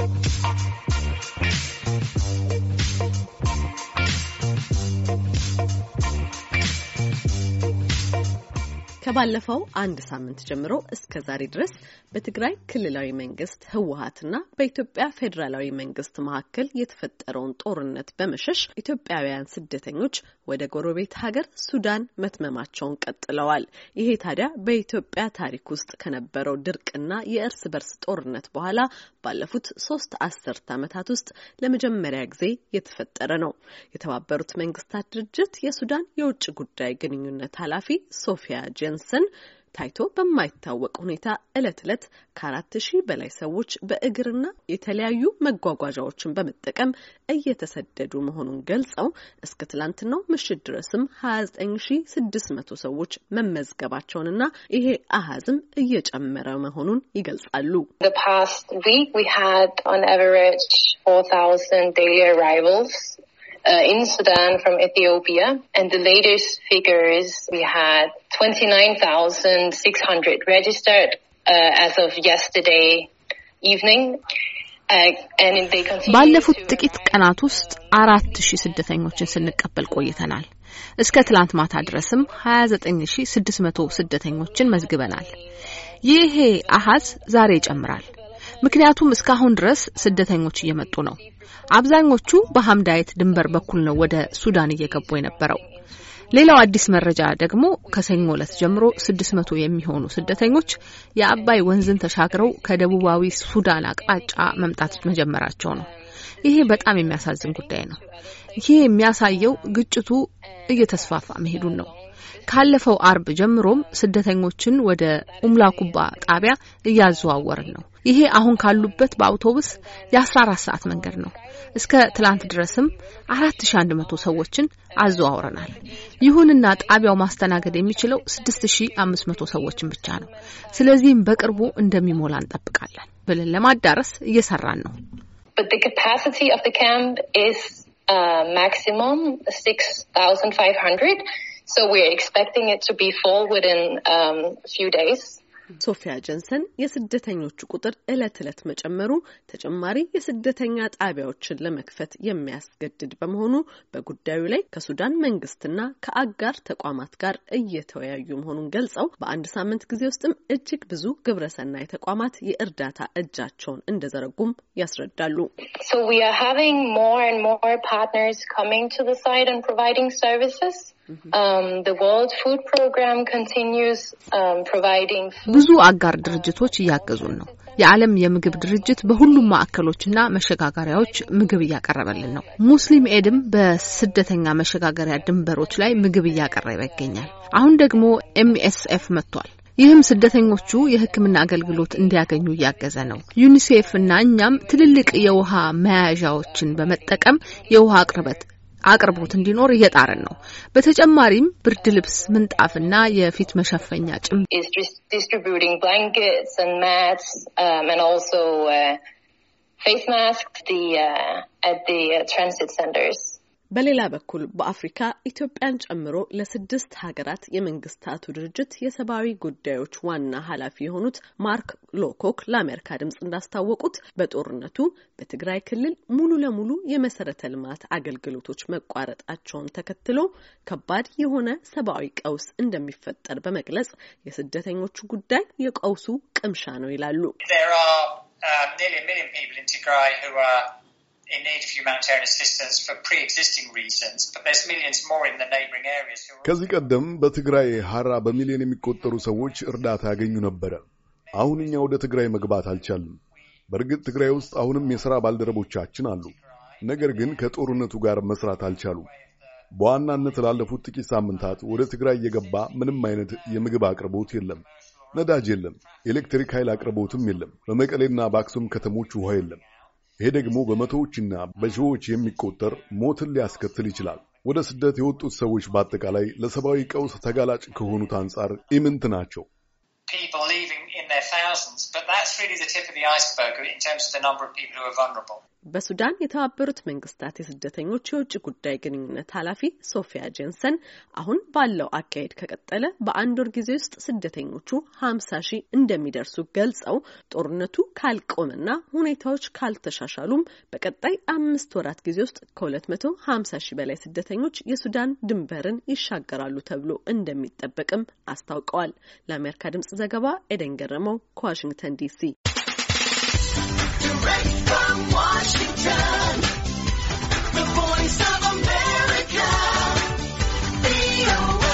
Thank you. ከባለፈው አንድ ሳምንት ጀምሮ እስከ ዛሬ ድረስ በትግራይ ክልላዊ መንግስት ህወሀትና በኢትዮጵያ ፌዴራላዊ መንግስት መካከል የተፈጠረውን ጦርነት በመሸሽ ኢትዮጵያውያን ስደተኞች ወደ ጎረቤት ሀገር ሱዳን መትመማቸውን ቀጥለዋል። ይሄ ታዲያ በኢትዮጵያ ታሪክ ውስጥ ከነበረው ድርቅና የእርስ በርስ ጦርነት በኋላ ባለፉት ሶስት አስርት ዓመታት ውስጥ ለመጀመሪያ ጊዜ የተፈጠረ ነው። የተባበሩት መንግስታት ድርጅት የሱዳን የውጭ ጉዳይ ግንኙነት ኃላፊ ሶፊያ ጀን ጆንሰን ታይቶ በማይታወቅ ሁኔታ እለት እለት ከአራት ሺህ በላይ ሰዎች በእግርና የተለያዩ መጓጓዣዎችን በመጠቀም እየተሰደዱ መሆኑን ገልጸው እስከ ትላንትናው ምሽት ድረስም ሀያ ዘጠኝ ሺህ ስድስት መቶ ሰዎች መመዝገባቸውንና ይሄ አሀዝም እየጨመረ መሆኑን ይገልጻሉ። uh, in Sudan from Ethiopia. And the latest figures we had 29,600 registered uh, as of yesterday evening. Uh, ባለፉት ጥቂት ቀናት ውስጥ አራት ሺህ ስደተኞችን ስንቀበል ቆይተናል። እስከ ትላንት ማታ ድረስም ሀያ ዘጠኝ ሺህ ስድስት መቶ ስደተኞችን መዝግበናል። ይሄ አሀዝ ዛሬ ይጨምራል። ምክንያቱም እስካሁን ድረስ ስደተኞች እየመጡ ነው። አብዛኞቹ በሀምዳይት ድንበር በኩል ነው ወደ ሱዳን እየገቡ የነበረው። ሌላው አዲስ መረጃ ደግሞ ከሰኞ ዕለት ጀምሮ መቶ የሚሆኑ ስደተኞች የአባይ ወንዝን ተሻግረው ከደቡባዊ ሱዳን አቅጣጫ መምጣት መጀመራቸው ነው። ይሄ በጣም የሚያሳዝን ጉዳይ ነው። ይሄ የሚያሳየው ግጭቱ እየተስፋፋ መሄዱን ነው። ካለፈው አርብ ጀምሮም ስደተኞችን ወደ ኡምላኩባ ጣቢያ እያዘዋወርን ነው። ይሄ አሁን ካሉበት በአውቶቡስ የ14 ሰዓት መንገድ ነው። እስከ ትላንት ድረስም 4100 ሰዎችን አዘዋውረናል። ይሁንና ጣቢያው ማስተናገድ የሚችለው 6500 ሰዎችን ብቻ ነው። ስለዚህም በቅርቡ እንደሚሞላ እንጠብቃለን ብለን ለማዳረስ እየሰራን ነው። uh, So we're expecting it to be full within um, few days. ሶፊያ ጀንሰን የስደተኞቹ ቁጥር እለት እለት መጨመሩ ተጨማሪ የስደተኛ ጣቢያዎችን ለመክፈት የሚያስገድድ በመሆኑ በጉዳዩ ላይ ከሱዳን መንግስትና ከአጋር ተቋማት ጋር እየተወያዩ መሆኑን ገልጸው በአንድ ሳምንት ጊዜ ውስጥም እጅግ ብዙ ግብረሰናይ ተቋማት የእርዳታ እጃቸውን እንደዘረጉም ያስረዳሉ። So we are having more and more partners coming to the site and providing services. Mm-hmm. Um, um, ብዙ አጋር ድርጅቶች እያገዙን ነው። የዓለም የምግብ ድርጅት በሁሉም ማዕከሎችና መሸጋገሪያዎች ምግብ እያቀረበልን ነው። ሙስሊም ኤድም በስደተኛ መሸጋገሪያ ድንበሮች ላይ ምግብ እያቀረበ ይገኛል። አሁን ደግሞ ኤምኤስኤፍ መጥቷል። ይህም ስደተኞቹ የሕክምና አገልግሎት እንዲያገኙ እያገዘ ነው። ዩኒሴፍ እና እኛም ትልልቅ የውሃ መያዣዎችን በመጠቀም የውሃ አቅርበት አቅርቦት እንዲኖር እየጣርን ነው። በተጨማሪም ብርድ ልብስ፣ ምንጣፍና የፊት መሸፈኛ ጭምር በሌላ በኩል በአፍሪካ ኢትዮጵያን ጨምሮ ለስድስት ሀገራት የመንግስታቱ ድርጅት የሰብአዊ ጉዳዮች ዋና ኃላፊ የሆኑት ማርክ ሎኮክ ለአሜሪካ ድምጽ እንዳስታወቁት በጦርነቱ በትግራይ ክልል ሙሉ ለሙሉ የመሰረተ ልማት አገልግሎቶች መቋረጣቸውን ተከትሎ ከባድ የሆነ ሰብአዊ ቀውስ እንደሚፈጠር በመግለጽ የስደተኞቹ ጉዳይ የቀውሱ ቅምሻ ነው ይላሉ። um, in need of humanitarian assistance for pre-existing reasons, but there's millions more in the neighboring areas. ከዚህ ቀደም በትግራይ ሀራ በሚሊዮን የሚቆጠሩ ሰዎች እርዳታ ያገኙ ነበረ። አሁን እኛ ወደ ትግራይ መግባት አልቻልም። በእርግጥ ትግራይ ውስጥ አሁንም የሥራ ባልደረቦቻችን አሉ፣ ነገር ግን ከጦርነቱ ጋር መስራት አልቻሉም። በዋናነት ላለፉት ጥቂት ሳምንታት ወደ ትግራይ እየገባ ምንም አይነት የምግብ አቅርቦት የለም። ነዳጅ የለም። ኤሌክትሪክ ኃይል አቅርቦትም የለም። በመቀሌና በአክሱም ከተሞች ውሃ የለም። ይሄ ደግሞ በመቶዎችና በሺዎች የሚቆጠር ሞትን ሊያስከትል ይችላል። ወደ ስደት የወጡት ሰዎች በአጠቃላይ ለሰብአዊ ቀውስ ተጋላጭ ከሆኑት አንጻር ኢምንት ናቸው። በሱዳን የተባበሩት መንግስታት የስደተኞች የውጭ ጉዳይ ግንኙነት ኃላፊ ሶፊያ ጄንሰን አሁን ባለው አካሄድ ከቀጠለ በአንድ ወር ጊዜ ውስጥ ስደተኞቹ ሀምሳ ሺህ እንደሚደርሱ ገልጸው ጦርነቱ ካልቆመና ሁኔታዎች ካልተሻሻሉም በቀጣይ አምስት ወራት ጊዜ ውስጥ ከሁለት መቶ ሀምሳ ሺህ በላይ ስደተኞች የሱዳን ድንበርን ይሻገራሉ ተብሎ እንደሚጠበቅም አስታውቀዋል። ለአሜሪካ ድምጽ ዘገባ ኤደን ገረመው ከዋሽንግተን ዲሲ Direct from Washington, the voice of America, VOA.